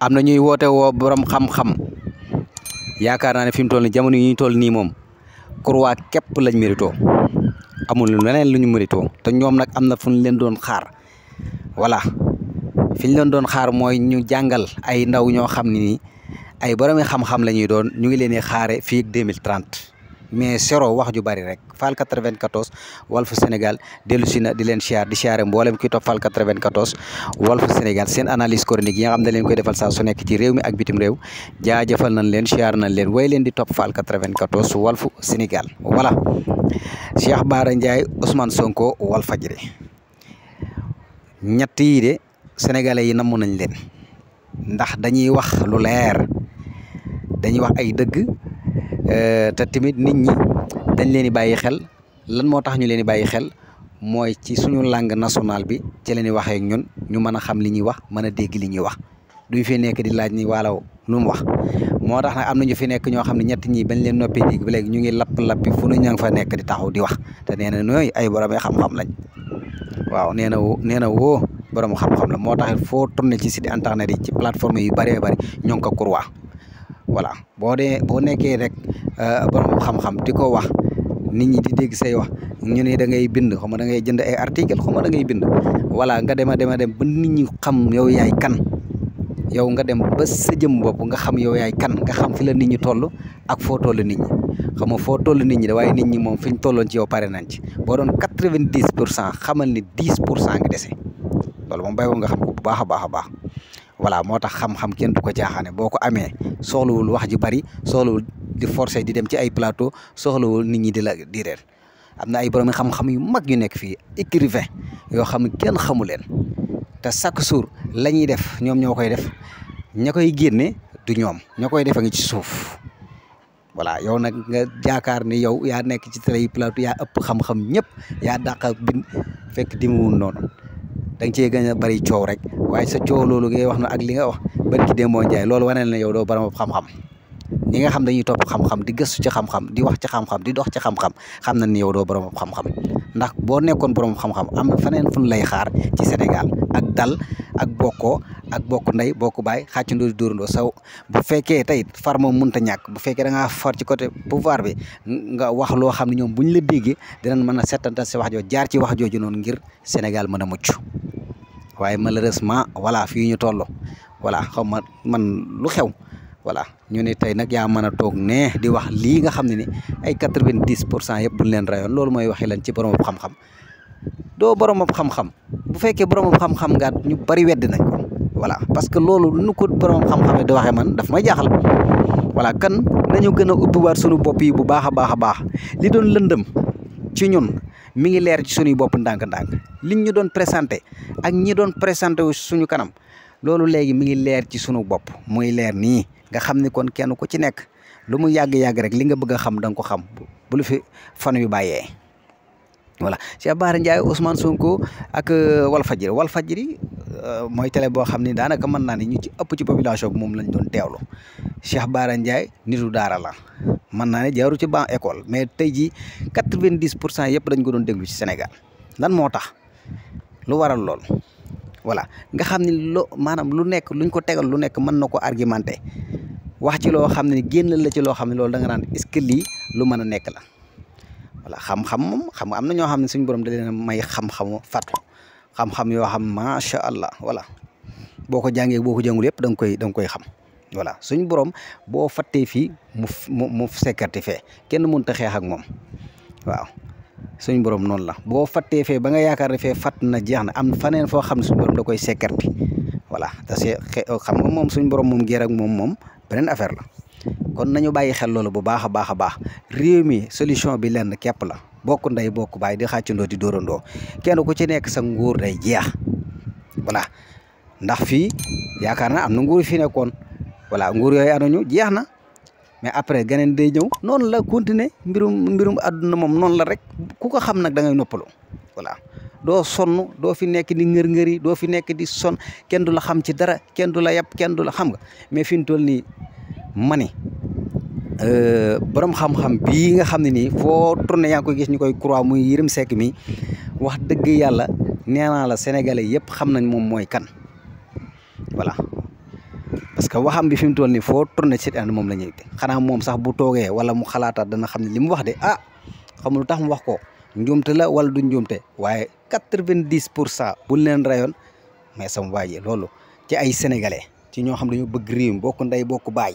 am na ñuy woote woo borom xam-xam yaakaar naa ne fi mu toll nii jamono yi ñu toll nii moom croix képp lañ méritoo amul leneen lu ñu méritoo te ñoom nag am na fu ñu leen doon xaar voilà fi ñu leen doon xaar mooy ñu jàngal ay ndaw ñoo xam ne nii ay boromi xam-xam la ñuy doon ñu ngi leen di xaare fii ak 2030 mais sero wax ju bari rek Fall 94 Walf Sénégal dellu si na di leen siyaar di siyaare mboolem kuy topp Fall 94 Walf Sénégal seen analyse ko yi nga na leen koy defal saa su nekk ci réew mi ak bitim réew jaajafal nañ leen siyaar nañ leen way leen di topp Fall 94 Walf Sénégal voilà Cheikh Bara Ndiaye Ousmane Sonko wal Walfadjri ñett yi de sénégalais yi namm nañ leen ndax dañuy wax lu leer dañuy wax ay dëgg Eh, te tamit nit ñi dañ leen di bàyyi xel lan moo tax ñu leen di bàyyi xel mooy ci suñu langue national bi ci leen di waxee ñun ñu mën a xam li ñuy wax mën a dégg li ñuy wax duñ fi nekk di laaj ni waalaw lu mu wax moo tax am na ñu fi nekk ñoo xam ne ñett ñi bañ leen noppee dégg ba léegi ñu ngi lapp-lappi fu nu ña nga fa nekk di taxaw di wax te nee na nooy ay borom xam-xam lañ waaw nee na nee na woo borom xam-xam la moo tax foo tourné ci site internet yi ci plateforme yu bëree bëri ñoo ngi ko kurwaa voilà boo dee boo nekkee rek euh, borom xam-xam di ko wax nit ñi di dégg say wax ñu ne dangay bind xaw ma da ngay jënd ay article xaw ma da ngay bind wala nga dem a dem a dem ba nit ñu xam yow yaay kan yow nga dem ba sa jëm bopp nga xam yow yaay kan nga xam fi la nit ñi toll ak foo toll nit ñi xam nga foo toll nit ñi da nit ñi moom fi ñu tolloon ci yow pare nañ ci boo doon quatre-vingt-dix pour cent xamal ni dix pour cent nga dese loolu moom béy nga xam ko bu baax a baax a baax voilà moo tax xam-xam kenn du ko caaxaane boo ko amee soxlawul wax ji bari soxlawul di forcer di dem ci ay plateau soxlawul nit ñi di la di am na ay borom xam-xam yu mag yu nekk fii écrivain yoo xam ne kenn xamu leen te chaque jour la ñuy def ñoom ñoo koy def ña koy génne du ñoom ña koy defe ngi ci suuf voilà yow nag nga jaakaar ni yow yaa nekk ci télé yi plateau yaa ëpp xam-xam ñëpp yaa dàq bind fekk dimuwul noonu da nga cee gën a bari coow rek waaye sa coow loolu ngay wax na ak li nga wax barki moo Ndiaye loolu wane na yow doo borom xam-xam ñi nga xam dañuy topp xam-xam di gëstu ci xam-xam di wax ci xam-xam di dox ci xam-xam xam na ni yow doo borom xam-xam ndax boo nekkoon borom xam-xam am na feneen fu ñu lay xaar ci Sénégal ak dal ak bokkoo ak bokk ndey bokk baay xàccandoo di dóorandoo saw bu fekkee tey far moom mënta ñàkk bu fekkee da ngaa ci côté pouvoir bi nga wax loo xam ne ñoom bu ñu la déggee dinañ mën a settantal si wax jaar ci wax jooju noonu ngir Sénégal mën a mucc waaye malheureusement voilà fii ñu tolloo voilà xaw ma man lu xew voilà ñu ne tey nag yaa mën a toog ne di wax lii nga xam ne ni ay quatre vingt pour cent yëpp buñ leen rayoon loolu mooy waxi lan ci borom xam-xam doo borom xam-xam bu fekkee borom xam-xam nga ñu bari wedd nañ ko voilà parce que loolu nu ko borom xam-xam di waxee man daf may jaaxal voilà kan nañu gën a ubbiwaat sunu bopp yi bu baax a baax a baax li doon lëndëm ci ñun mi ngi leer ci sunuy bopp ndànk-ndànk li ñu doon présenté ak ñi doon présenté wu suñu kanam loolu léegi mi ngi leer ci sunu bopp muy leer nii nga xam ni kon kenn ku ci nekk lu mu yàgg-yàgg rek li nga bëgg a xam da nga ko xam bu lu fi fan yu bàyyee voilà Cheikh Bara Ndiaye Ousmane Sonko ak euh, Walfadjri Walfadjri euh, mooy tele boo xam ni daanaka mën naa ni ñu ci ëpp ci population bi moom lañ doon teewlu Cheikh Bara Ndiaye nitu daara la mën naa ne jaaru ci ban école mais tey jii quatre-vingt-dix pour cent yëpp dañ ko doon déglu ci Sénégal moo tax lu waral lool voilà nga xam ne lo maanaam lu nekk luñ ko tegal lu nekk mën na ko argumenté wax ci loo xam ne génnal la ci loo xam ne loolu da nga naan est-ce lu mën a nekk la voilà xam-xam moom am na ñoo xam ne suñu borom da leen may xam-xamu fatu xam-xam yoo xam macha allah wala boo ko jàngee boo ko jàngul yëpp da nga koy da koy xam voilà suñu borom boo fattee fii mu mu mu sekkati fee kenn mënut a xeex ak moom waaw suñ borom noonu la boo fattee fee ba nga yaakaar ne fee fatt na jeex na am faneen foo xam ne suñ borom da koy sekkerti voilà parce que xam nga moom suñ borom moom géer ak moom moom beneen affaire la kon nañu bàyyi xel loolu bu baax a baax a baax réew mi solution bi lenn képp la bokk ndey bokk baay di xàccandoo di dóorandoo kenn ku ci nekk sa nguur day jeex voilà ndax fii yaakaar na am na nguur fi nekkoon voilà nguur yooyu anuñu jeex na mais après geneen day ñëw noonu la continuer mbirum mbirum àdduna moom noonu la rek ku ko xam nag dangay ngay noppalu voilà doo sonn doo fi nekk di ngër-ngëri doo fi nekk di sonn kenn du la xam ci dara kenn du la yàpp kenn du la xam nga mais fi mu toll nii ma ne euh, borom xam-xam nga xam ne nii foo tourné yaa gis ñu koy croix muy Yérim Seck mi wax dëgg yàlla nee la sénégalais yëpp xam nañ moom mooy kan voilà parce que waxam bi fi mu toll nii foo tourné ci ànd moom la ñuy xanaa moom sax bu toogee wala mu xalaataat dana xam ne li mu wax de ah xamul lu tax mu wax ko. njuumte la wala du njuumte waaye quatre-vingt-dix pour cent buñ leen rayoon mais sama waa loolu ci ay sénégalais ci ñoo xam ne ñoo bëgg réew mi bokk ndey bokk baay